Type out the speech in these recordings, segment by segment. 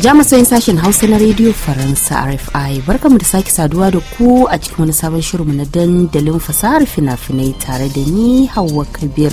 jamusayin sashen hausa na rediyo faransa rfi barkamu da sake saduwa da ku a cikin wani sabon shirinmu na dandalin fasahar fina-finai tare da ni hawa kabir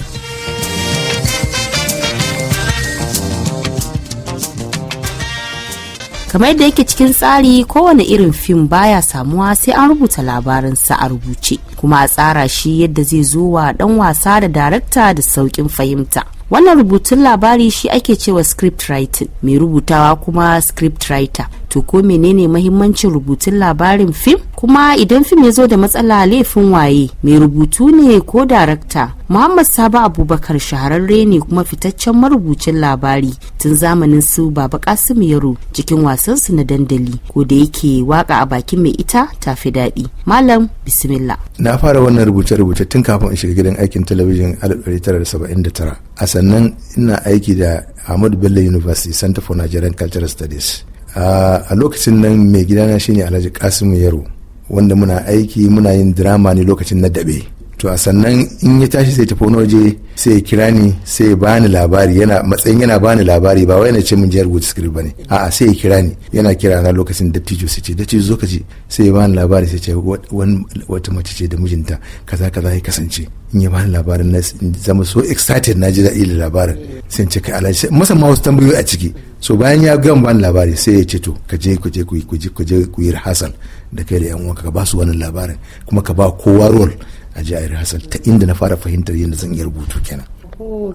kamar yadda yake cikin tsari kowane irin fim baya samuwa sai an rubuta labarinsa a rubuce kuma a tsara shi yadda zai zo wa dan wasa da darakta da saukin fahimta wannan rubutun labari shi ake cewa script writing mai rubutawa kuma script writer to ko menene mahimmancin rubutun labarin fim kuma idan fim ya zo da matsala laifin waye mai rubutu ne ko darakta muhammad sabo abubakar shahararre ne kuma fitaccen marubucin labari tun zamanin su baba kasim yaro cikin wasansu na dandali ko da yake waka a bakin mai ita ta fi daɗi malam bismillah na fara wannan rubuce-rubuce tun kafin in shiga gidan aikin talabijin 1979 a sannan ina aiki da ahmad bello university center for nigerian cultural studies a lokacin nan mai gidana shine alhaji kasimu yaro wanda muna aiki muna yin drama ne lokacin na dabe to a sannan in ya tashi sai tafi wani waje sai ya kira ni sai ya bani labari yana matsayin yana bani labari ba wai na ce min jihar Gutsiri bane a'a sai ya kira ni yana kira na lokacin dattijo sai ce dattijo tijo ka ce sai ya bani labari sai ce wata mace ce da mijinta kaza kaza ya kasance in ya bani labarin na zama so excited na ji daɗi da labarin sai in ce kai alaji musamman wasu tambayoyi a ciki so bayan ya gama bani labari sai ya ce to ka je ku je ku je ku je ku yi rehearsal da kai da yan uwanka ka ba su wannan labarin kuma ka ba kowa role a jihar Hassan ta inda na fara fahimtar yadda zan iya rubutu kenan.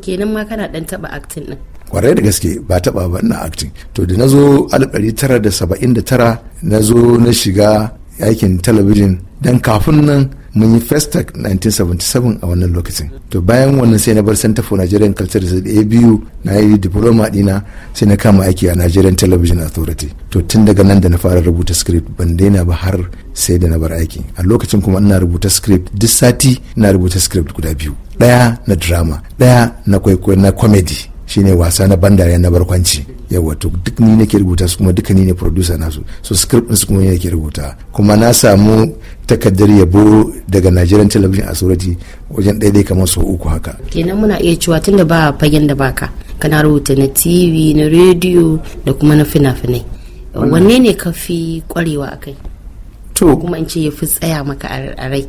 kenan ma kana dan taba acting din. kwarai da gaske ba taba ba ina acting to da nazo 1979 nazo na shiga yakin talabijin dan kafin nan mun yi first 1977 a wannan lokacin to bayan wannan sai na bar center for nigerian culture da biyu na yi diploma dina sai na kama aiki a nigerian television authority to tun daga nan da na fara rubuta script ban daina ba har sai da na bar aiki a lokacin kuma ina rubuta script duk sati ina rubuta script guda biyu daya na drama daya na kwaikwayo na comedy shine wasa na dariya na barkwanci yawa to duk ni nake rubuta su kuma duka ni ne producer nasu so script din su kuma ni nake rubuta kuma na samu takaddar yabo daga Nigerian Television Authority wajen daidai kamar sau uku haka kenan muna iya cewa da ba fagen da baka kana rubuta na TV na radio da kuma na fina-finai wanne ne ka fi kwarewa akai to kuma in ce ya fi tsaya maka a rai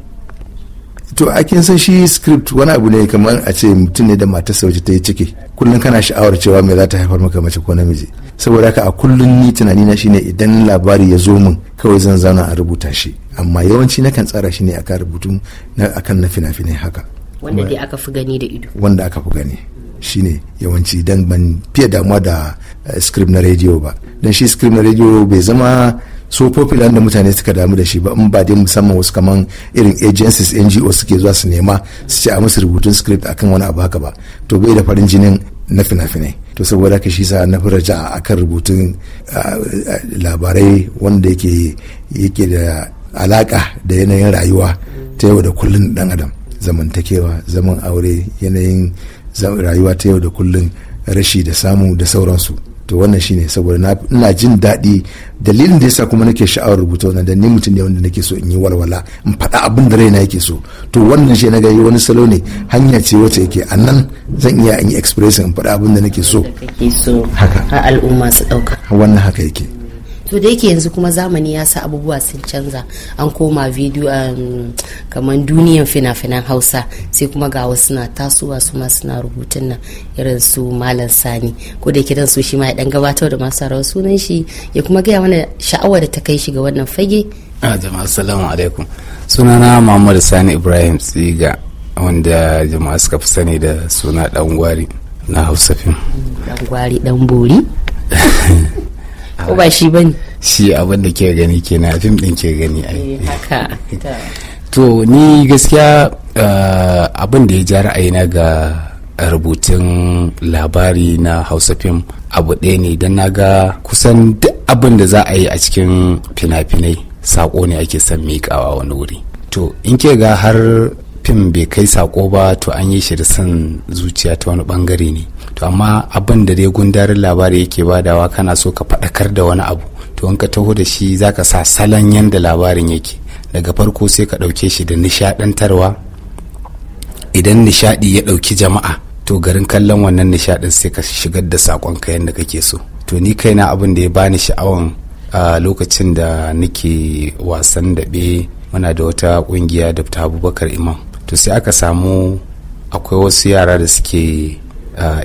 to a kin san shi script wani abu ne kamar a ce mutum ne da matarsa waje ta yi ciki kullum kana sha'awar cewa me za ta haifar maka mace ko namiji saboda haka a kullum ni tunani na shine idan labari ya zo min kawai zan zana a rubuta shi amma yawanci nakan tsara shi ne akan rubutu na akan na fina-finai haka wanda dai aka fi gani da ido wanda aka fi gani shine yawanci idan ban fiye damuwa da eh, script na rediyo ba dan shi script na rediyo bai zama so popular da mutane suka damu da shi ba in ba dai musamman wasu kaman irin agencies ngo suke zuwa su nema su ci a musu rubutun script akan wani abu haka ba to bai da farin jinin na fina-finai to saboda ka shi sa na fi raja a kan rubutun labarai wanda yake yake da alaka da yanayin rayuwa ta yau da kullun dan adam zamantakewa zaman aure yanayin rayuwa ta yau da kullun rashi da samu da sauransu to wannan shine saboda ina jin daɗi dalilin da yasa kuma nake sha'awar rubuta wannan da ni mutum ne wanda nake so in yi walwala in faɗa abin da raina yake so to wannan shi na ga wani salo ne hanya ce wacce yake a nan zan iya in yi expression in faɗa abin da nake so haka al'umma su ɗauka wannan haka yake to da yake yanzu kuma zamani ya sa abubuwa sun canza an koma video um, kamar duniyan fina-finan hausa sai kuma ga wasu na tasowa su ma suna rubutun nan irin su malam sani ko da kiran su shi ma ya dan gabatar da masu rawar sunan shi ya kuma gaya mana sha'awar da ta kai shi ga wannan fage a ah, jama'a assalamu alaikum sunana muhammad sani ibrahim tsiga wanda jama'a suka fi sani da suna dan gwari na hausa fim dan gwari dan bori ko ba shi bane shi abin da ke gani kenan fim din ke gani ai eh, haka to ni gaskiya eh, abin da ya ja ra'ayina ga rubutun labari na hausa fim abu ɗaya ne don na ga kusan duk abin da za a yi a cikin fina-finai sako ne ake son miƙawa wani wuri to in ke ga har fim bai kai sako ba to an yi shi da son zuciya ta wani bangare ne to amma abin da dai gundarin labari yake badawa kana so ka faɗakar da wani abu to in ka taho da shi zaka sa salon yadda labarin yake daga farko sai ka ɗauke shi da nishaɗantarwa idan nishaɗi ya ɗauki jama'a to garin kallon wannan nishaɗin sai ka shigar da sakon ka yadda kake so to ni kaina abin da ya bani sha'awan a lokacin da nake wasan daɓe muna da wata ƙungiya da ta abubakar imam to sai aka samu akwai wasu yara da suke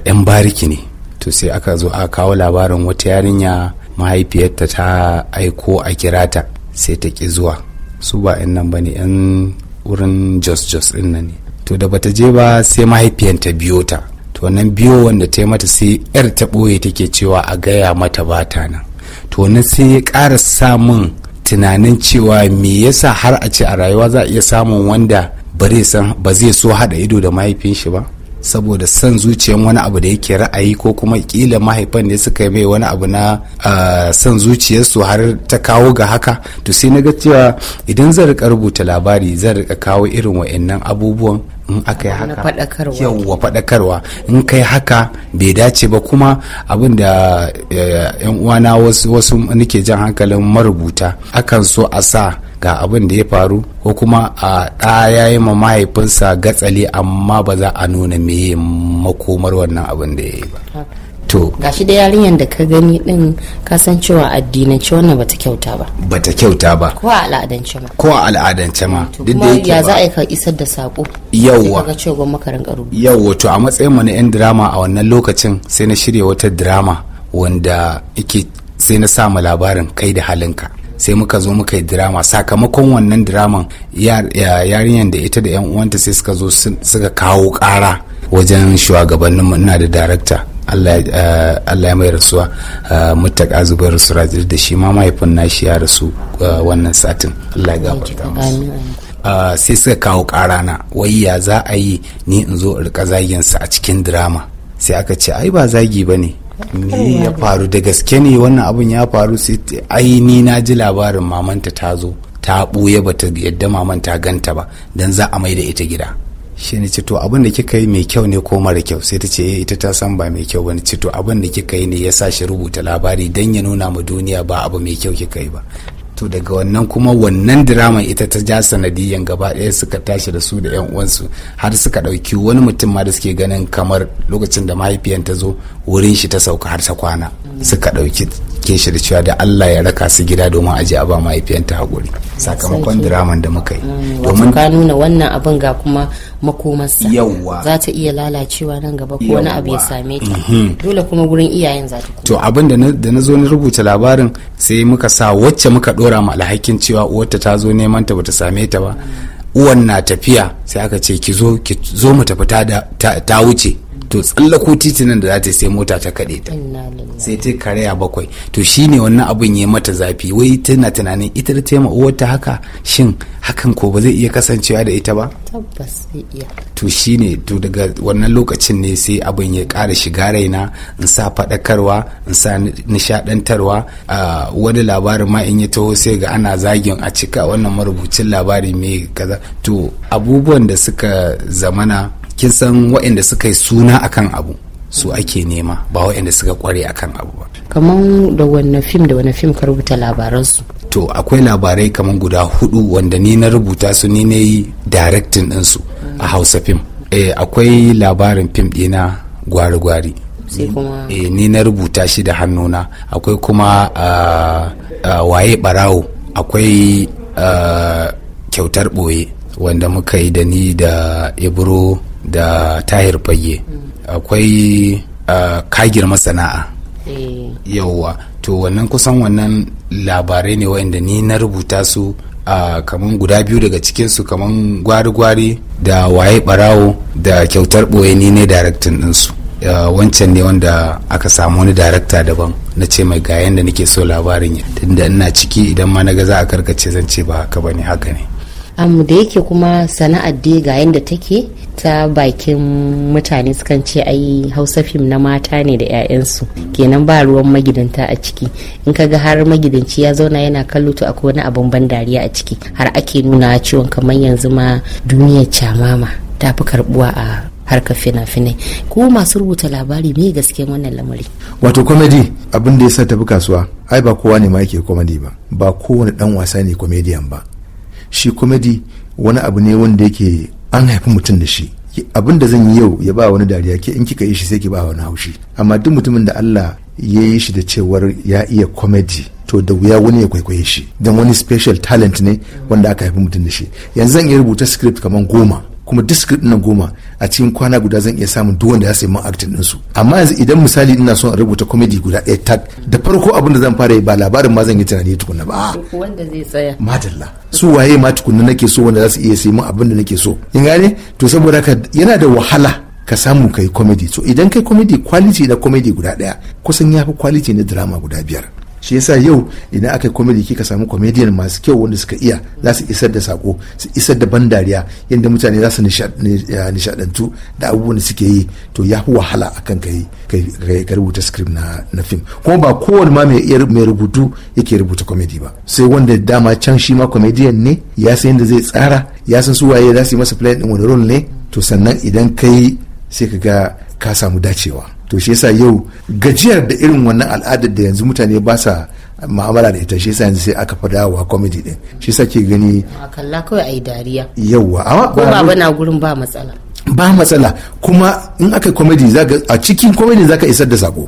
yan ah, bariki ne to sai aka zo a kawo labarin wata yarinya mahaifiyarta ta aiko a kirata sai ta ki zuwa su ba yan nan ba ne yan wurin jos jos din nan ne to da bata je ba sai mahaifiyarta biyo ta to wannan biyo wanda ta yi mata sai yar ta ɓoye take cewa a gaya mata ba ta nan to nan sai ya ƙara samun tunanin cewa me yasa har a ce a rayuwa za a iya samun wanda ba zai so haɗa ido da mahaifin shi ba saboda son zuciyan wani abu da yake ra'ayi ko kuma kila mahaifan ne suka mai wani abu na son su har ta kawo ga haka to sai na ga cewa idan zan rika rubuta labari zan rika kawo irin wa'annan abubuwan in aka yi haka yawwa faɗakarwa in kai haka bai dace ba kuma abin da eh, yan uwana wasu nake jan hankalin marubuta akan so a sa ga abin da ya faru ko kuma a ɗa ya yi ma mahaifinsa gatsali amma ba za a nuna meye makomar wannan abin da ya yi ba to gashi da yarinyar da ka gani din kasancewa addinance wannan bata kyauta ba bata kyauta ba ko a al'adance ma ko a al'adance ma duk da yake ya za a ka isar da sako yawwa ka cewa maka rinka rubutu yawwa to a matsayin mu na yan drama a wannan lokacin sai na shirya wata drama wanda yake sai na sa labarin kai da halinka sai muka zo muka yi drama sakamakon wannan drama yarinyar da ita da yan uwanta sai suka zo suka kawo ƙara wajen shugabanninmu ina da darakta eh, Allah ya mai rasuwa eh, mutaka zubar surajir da shi ma mahaifin nashi ya rasu eh, wannan satin Allah ya gafarta musu sai suka kawo kara na wai ya za a yi ni in zo rika zagin sa a cikin drama sai aka ce ai ba zagi ba ne me ya faru da gaske ne wannan abin ya faru sai aini na ji labarin mamanta ta zo ta ɓuya bata yadda maman ta ganta ba dan za a mai da ita gida shi ne ce to abin da kika yi mai kyau ne ko mara kyau sai ta ce eh, ita ta san ba mai kyau bane ce to abin da kika yi ne ya sa shi rubuta labari dan ya nuna ma duniya ba abu mai kyau kika yi ba to daga wannan kuma wannan diraman ita ta ja sanadiyan gaba ɗaya suka tashi da su da yan uwansu har suka ɗauki wani mutum ma da suke ganin kamar lokacin da mahaifiyan ta zo wurin shi ta sauka har ta kwana suka ɗauki ɗauke shi da cewa da Allah ya raka su gida domin aje a ba mahaifiyanta haƙuri sakamakon diraman da muka yi domin ka nuna wannan abin ga kuma makomarsa yawwa za ta iya lalacewa nan gaba ko wani abu ya same ta mhm. dole kuma gurin iyayen za ta to abin da na zo na rubuta labarin sai muka sa wacce muka dora ma alhakin cewa uwarta ta zo neman ta bata same ta ba uwan na tafiya sai aka ce ki zo ki zo mu tafi ta wuce to tsallako titinan da za ta sai mota ta kaɗe ta sai ta karaya bakwai to shine wannan abin ya yi mata zafi wai tana tunanin ita da taima ta haka shin hakan ko ba zai iya kasancewa da ita ba tabbas zai iya to shine to daga wannan lokacin ne sai abin ya ƙara shiga raina in sa faɗakarwa in sa nishaɗantarwa wani labarin ma in ya taho sai ga ana zagin a cika wannan marubucin labari mai kaza to abubuwan da suka zamana kin san waɗanda suka yi suna akan abu su ake nema ba waɗanda suka kware akan abu ba kamar da wanne fim da wanne fim ka rubuta labaransu to akwai labarai kamar guda hudu wanda ni na rubuta su ni na yi din ɗinsu a hausa fim e, akwai labarin fim dina gwari-gwari e, ni na rubuta shi da hannuna akwai kuma ah, ah, waye barawo akwai ah, kyautar ɓoye wanda muka yi da ni da ibro da tahir fage mm. akwai kagir masana'a eh. yauwa to wannan kusan wannan labarai ne wa'inda ni na rubuta su a kamar guda biyu daga cikinsu kaman gwari-gwari da waye barawo da kyautar ɓoye ni ne daraktin ɗinsu wancan ne wanda aka samu wani darakta daban na ce mai ga da nake so labarin ya tunda ina ciki idan ma na ga za a karkace zan ce ba haka bane haka ne amma da yake kuma sana'ar dai ga yadda take ta bakin mutane sukan ce ai hausa fim na mata ne da 'ya'yansu kenan ba ruwan magidanta a ciki in ka ga har magidanci ya zauna yana kallo to akwai wani abin ban dariya a ciki har ake nuna ciwon kamar yanzu ma duniya camama ta fi karbuwa a harka fina-finai ko masu rubuta labari mai gaske wannan lamari wato komedi abin da ya sa tafi kasuwa ai ba kowa ne ma yake komedi ba ba kowane dan wasa ne komediyan ba shi komedi wani abu ne wanda yake an haifi mutum da shi abin da zan yi yau ya ba wani dariya ke in kika yi shi sai ki ba wani haushi amma duk mutumin da Allah ya yi shi da cewar ya iya komedi to da wuya wani ya kwaikwaye shi don wani special talent ne wanda aka haifi mutum da shi yanzu zan iya rubuta script kamar goma kuma disk din na goma a cikin kwana guda zan iya samun duk wanda ya sayi man acting din su amma yanzu idan misali ina son rubuta comedy guda ɗaya tag da farko abin da zan fara yi ba labarin ma zan yi tunani tukunna ba ah, wanda zai tsaya madalla su waye ma tukunna nake so wanda za su iya sayi min abin da nake so in gane to saboda haka yana da wahala ka samu kai comedy so idan kai comedy quality na comedy guda ɗaya kusan yafi quality na drama guda biyar shi yasa yau idan aka yi komedi kika samu komediyan masu kyau wanda suka iya za su isar da sako su isar da ban dariya yadda mutane za su nishadantu da abubuwan da suke yi to ya fi wahala akan kai ka rubuta script na na film kuma ba kowane ma mai rubutu yake rubuta komedi ba sai wanda dama can shi ma komediyan ne ya san yadda zai tsara ya san su waye za su yi masa plan din wani role ne to sannan idan kai sai ka ga ka samu dacewa to shi yasa yau gajiyar da irin wannan al'adar da yanzu mutane ba sa ma'amala da ita shi yasa yanzu sai aka fada dawowa comedy din shi yasa ke gani a kalla kawai ayi dariya yawwa. amma ko bana gurin ba matsala ba matsala kuma in aka comedy zaka a cikin comedy zaka isar da sako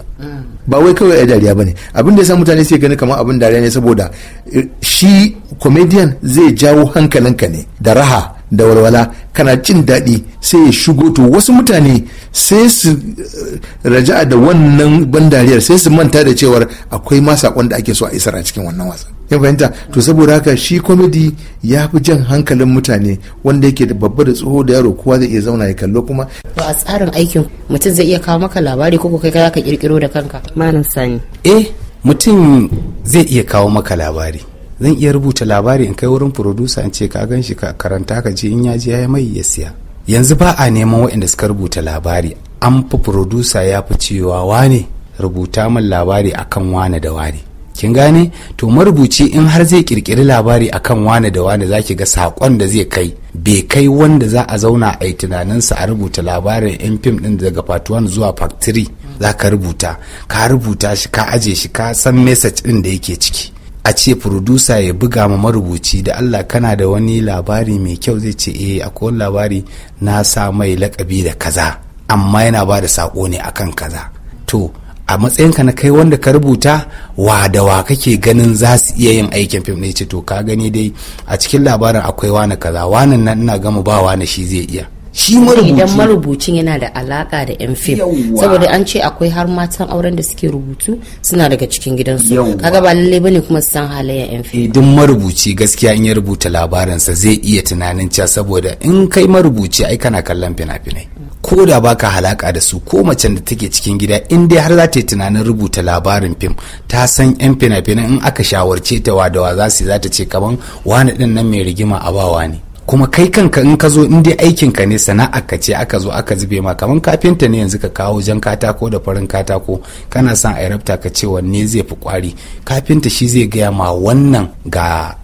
ba wai kawai ayi dariya bane abin da yasa mutane sai gani kamar abin dariya ne saboda eh, shi comedian zai jawo hankalinka ne da raha da walwala kana jin daɗi sai ya shigo to wasu mutane sai su eh, raja'a da wannan bandariyar sai su manta da cewar akwai ma saƙon da ake so a isar a cikin wannan wasa. ya fahimta to saboda haka shi komedi ya fi jan hankalin mutane wanda yake da babba da tsoho da yaro kowa zai iya zauna ya kallo kuma ba a tsarin aikin mutum zai iya kawo maka labari ko kai ka kirkiro da kanka malam sani eh mutum zai iya kawo maka labari zan iya rubuta labari in kai wurin producer in ce ka gan shi ka karanta ka ji in ya je ya mai ya siya yanzu ba a neman waɗanda suka rubuta labari an fi producer ya fi cewa wane rubuta min labari akan wane da wane kin gane to marubuci in har zai kirkiri labari akan wane da wane za ki ga sakon da zai kai bai kai wanda za a zauna a yi tunaninsa a rubuta labarin yan fim din daga part 1 zuwa part 3 za ka rubuta ka rubuta shi ka aje shi ka san message din da yake ciki a ce producer ya buga ma marubuci da Allah kana da wani labari mai kyau zai ce eh akwai labari na sa mai lakabi da kaza amma yana ba da sako ne akan kaza to a matsayinka na kai wanda ka rubuta wa da wa kake ganin za su iya yin aikin fim ne ce to ka gani dai a cikin labarin akwai wani kaza wani nan ina gama ba wani shi zai iya shi marubuci idan marubucin yana da alaka da yan fim saboda an ce akwai har matan auren da suke rubutu suna daga cikin gidansu kaga ba lalle bane kuma san halayen yan fim idan eh, marubuci gaskiya in ya rubuta labarinsa zai iya tunanin cewa saboda in kai marubuci ai kana kallon fina-finai ko da baka halaka da su ko macen da take cikin gida in dai har za ta yi tunanin rubuta labarin fim ta san yan fina finai in aka shawarce ta wa da wa za su za ta ce kaman wani din nan mai rigima a bawa ne kuma kai kanka in ka zo in dai aikin ka ne sana'a ka ce aka zo aka zube ma kamar kafinta ne yanzu ka kawo jan katako da farin katako kana son a rabta ka ce wanne zai fi kwari kafinta shi zai gaya ma wannan ga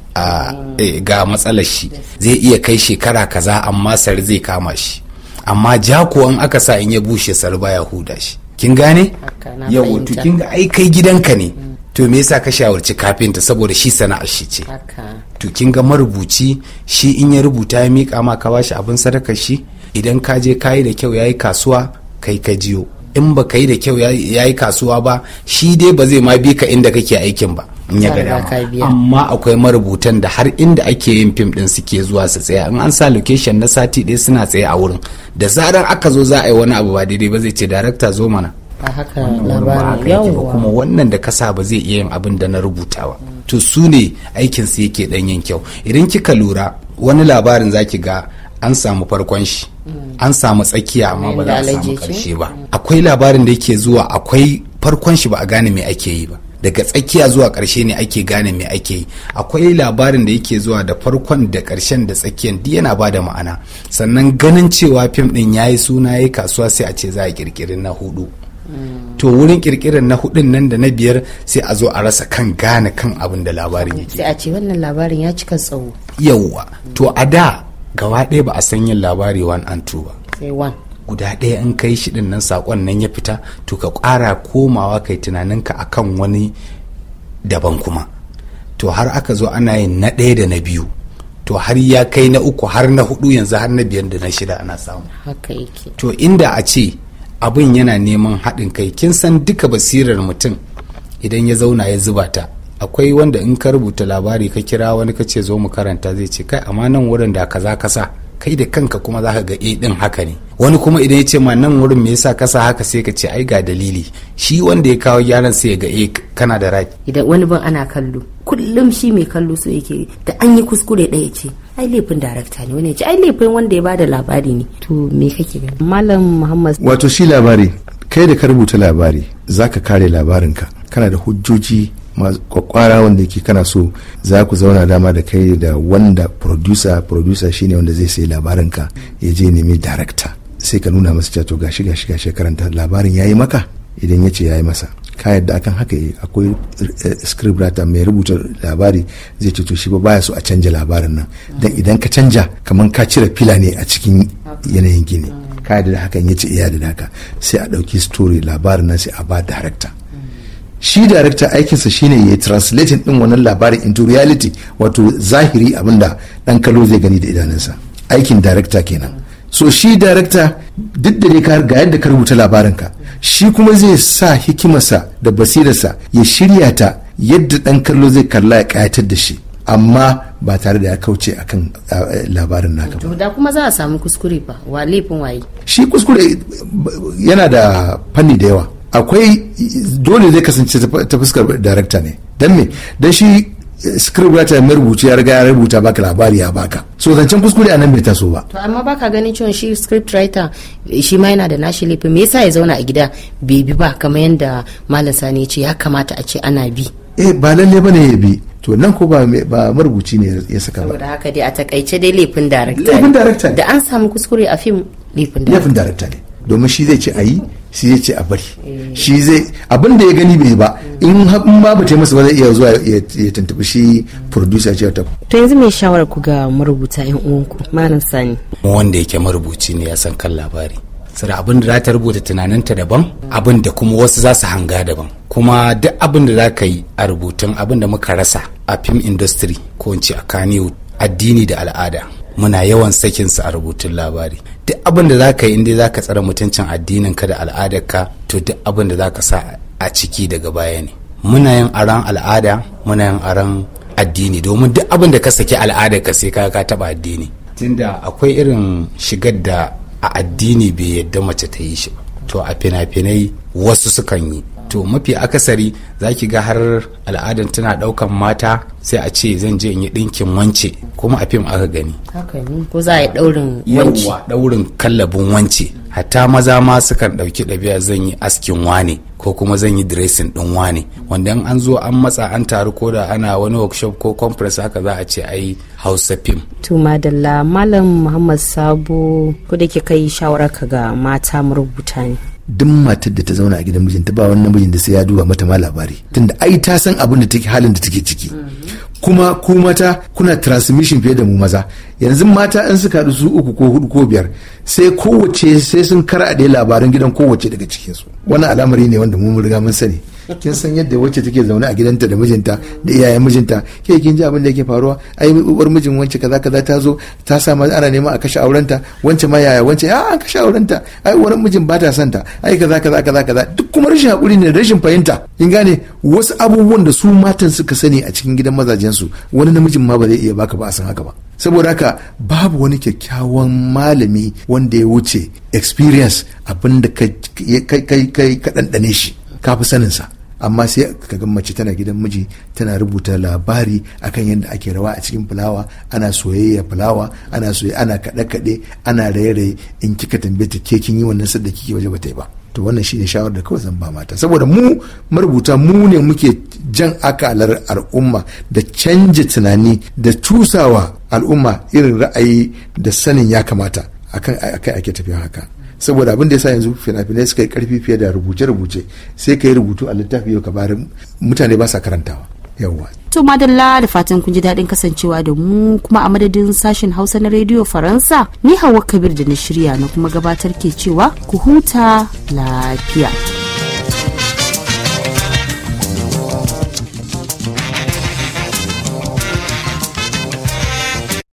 eh, ga matsalar shi zai iya kai shekara kaza amma sar zai kama shi amma jako an aka sa in ya bushe sar baya huda shi kin gane yawo to kin ga ai kai gidanka ne mm. to me yasa ka shawarci kafinta saboda shi sana'ar shi ce to kin ga marubuci shi in ya rubuta ya mika ma ka bashi abin sadakar shi idan ka je kayi da kyau yayi kasuwa kai ka jiyo in ba ka yi da kyau ya yi kasuwa ba shi dai ba zai ma bi ka inda kake aikin ba in ya gada amma akwai marubutan da har inda ake yin fim din suke zuwa su tsaya in an sa location na sati ɗaya suna tsaye a wurin da zaran aka zo za a yi wani abu ba daidai ba zai ce darakta zo mana a haka labarin yawon kuma wannan da kasa ba zai iya yin abin da na rubuta ba to su ne aikin su yake dan yin kyau idan kika lura wani labarin zaki ga an samu farkon shi mm. an samu tsakiya amma ba za a samu karshe ba akwai labarin da yake zuwa akwai farkon shi ba a gane me ake yi ba daga tsakiya zuwa karshe ne ake gane me ake yi akwai labarin da yake zuwa da farkon da karshen da tsakiyan duk yana bada ma'ana sannan ganin cewa fim din yayi suna yayi kasuwa sai a ce za a kirkiri na hudu to wurin kirkirar na hudun nan da na biyar sai a zo a rasa kan gane kan abin da labarin yake sai a ce wannan labarin ya cika tsawo yawwa to a da gaba ɗaya ba a san yin labari one and two ba guda ɗaya in kai shi nan sakon nan ya fita to ka ƙara komawa kai tunaninka akan wani daban kuma to har aka zo ana yin na ɗaya da na biyu to har ya kai na uku har na hudu yanzu har na biyar da na shida ana samu to inda a ce abin yana neman haɗin kai kin san duka basirar mutum idan ya zauna ya zuba ta akwai wanda in ka rubuta labari ka kira wani ka ce zo mu karanta zai ce kai amma nan wurin da kaza ka sa kai da kanka kuma zaka ga e eh, din haka ne wani kuma idan ya ce ma nan wurin me yasa kasa haka sai ka ce ai ga dalili shi wanda ya kawo gyaran sai ya ga e kana da raki idan wani ban ana kallo kullum shi mai kallo so yake da an yi kuskure ɗaya ce ai laifin darakta ne wani ya ce ai laifin wanda ya bada labari ne to me kake gani malam muhammad wato shi labari kai da ka rubuta labari zaka kare labarinka kana da hujjoji kwakwara wanda yake kana so za ku zauna dama da kai da wanda producer producer shine wanda zai sai labarinka ya je nemi director sai ka nuna masa cato gashi gashi gashi karanta labarin yayi maka idan ya ce yayi masa ka yadda akan haka yi eh, akwai eh, script writer mai rubuta labari zai ce to shi ba baya so a canja labarin nan dan idan ka canja kamar ka cire fila ne a cikin yanayin gini ka yadda da hakan ya ce iya eh, da haka sai a ɗauki story labarin nan sai a ba director shi director aikinsa shine ya translating din wannan labarin into reality wato zahiri abinda dan kalo zai gani da idanunsa aikin director kenan so shi darakta duk da ne ka ga yadda ka rubuta labarinka shi kuma zai sa hikimarsa da basirarsa ya shirya ta yadda ɗan kallo zai kalla ya kayatar da shi amma ba tare da ya kauce akan labarin naka ba. kuma za a samu kuskure ba wa laifin waye. shi kuskure yana da fanni da yawa akwai dole zai kasance ta fuskar darakta ne don me don shi script writer mai rubuce ya riga ya rubuta baka labari ya baka so zancen kuskure a nan bai taso ba to amma baka ganin cewa shi script writer shi ma yana da nashi laifin me yasa ya zauna a gida bai bi ba kamar yadda malam sani ya ce ya kamata a ce ana bi eh ba lalle bane ya bi to nan ko ba ba marubuci ne ya saka ba saboda haka dai a takaice dai laifin director laifin director da an samu kuskure a film laifin laifin director ne domin shi zai ce ayi shi ya ce a bari eh. shi zai abin ya gani bai ba in ma mm. ba ba zai iya zuwa ya tuntubi shi producer ce ta to yanzu mai shawarar ku ga marubuta yan uwanku malam sani wanda yake marubuci ne ya san kan labari sira abin da za ta rubuta tunaninta daban abin da kuma wasu za su hanga daban kuma duk abin da za ka yi a rubutun abin da muka rasa a film industry ko in ce a kaniwood addini da al'ada muna yawan sakin su a rubutun labari duk abin da zaka yi inda ka tsara mutuncin addinin ka da al'adar ka to duk abin da ka sa a ciki daga baya ne muna yin aran al'ada muna yin aran addini domin duk abin da ka saki al'adar ka sai ka ka taba addini tunda akwai irin shigar da a addini bai yadda mace ta yi shi to a fina-finai wasu sukan yi to mafi akasari za ki ga har al'adan tana ɗaukan mata sai a ce zan je in yi ɗinkin wance kuma a fim aka gani ko za a yi ɗaurin wance ɗaurin kallabin wance hatta maza ma sukan ɗauki ɗabi'a zan yi askin wane ko kuma zan yi dressing ɗin wane wanda in an zo an matsa an taru ko da ana wani workshop ko conference haka za a ce ai hausa fim. to madalla malam muhammad sabo ko da ke kai shawarar ka ga mata marubuta ne duk matar da ta zauna a gidan mijinta ba wani namijin da sai ya duba mata ma labari tunda ai ta san abin da take halin da take ciki kuma ku mata kuna transmission fiye da mu maza yanzu mata in suka haɗu su uku ko hudu ko biyar sai kowace sai sun kara karaɗe labarin gidan kowace daga cikinsu wani al'amari ne wanda mu riga mun sani kin san yadda wacce take zaune a gidanta da mijinta da iyayen mijinta ke kin ji abin da yake faruwa ai uwar mijin wance kaza kaza ta zo ta sa ana neman a kashe aurenta wance ma yaya wance a an kashe aurenta ai uwar mijin ba ta santa ai kaza kaza kaza kaza duk kuma rashin hakuri ne rashin fahimta kin gane wasu abubuwan da su matan suka sani a cikin gidan mazajensu wani namijin ma ba zai iya baka ba a san haka ba saboda haka babu wani kyakkyawan malami wanda ya wuce experience abin da ka ɗanɗane shi ka fi saninsa amma sai ka ga mace tana gidan miji tana rubuta labari akan yadda ake rawa a cikin fulawa ana soyayya fulawa ana soyayya ana kaɗe kaɗe ana raye-raye in kika tambaye ta ke kin yi wannan sadda kike waje ba ta yi ba to wannan shi ne shawar da kawai zan ba mata saboda mu marubuta mu ne muke jan akalar al'umma da canja tunani da tusawa al'umma irin ra'ayi da sanin ya kamata akan ake tafiya haka saboda abin da ya sa yanzu fina-finai suka yi karfi fiye da rubuce-rubuce sai ka yi rubutu a littafi yau ka bari mutane ba sa karantawa yawwa to madalla da fatan kun ji daɗin kasancewa da mu kuma a madadin sashen hausa na rediyo faransa ni hawa kabir da na shirya na kuma gabatar ke cewa ku huta lafiya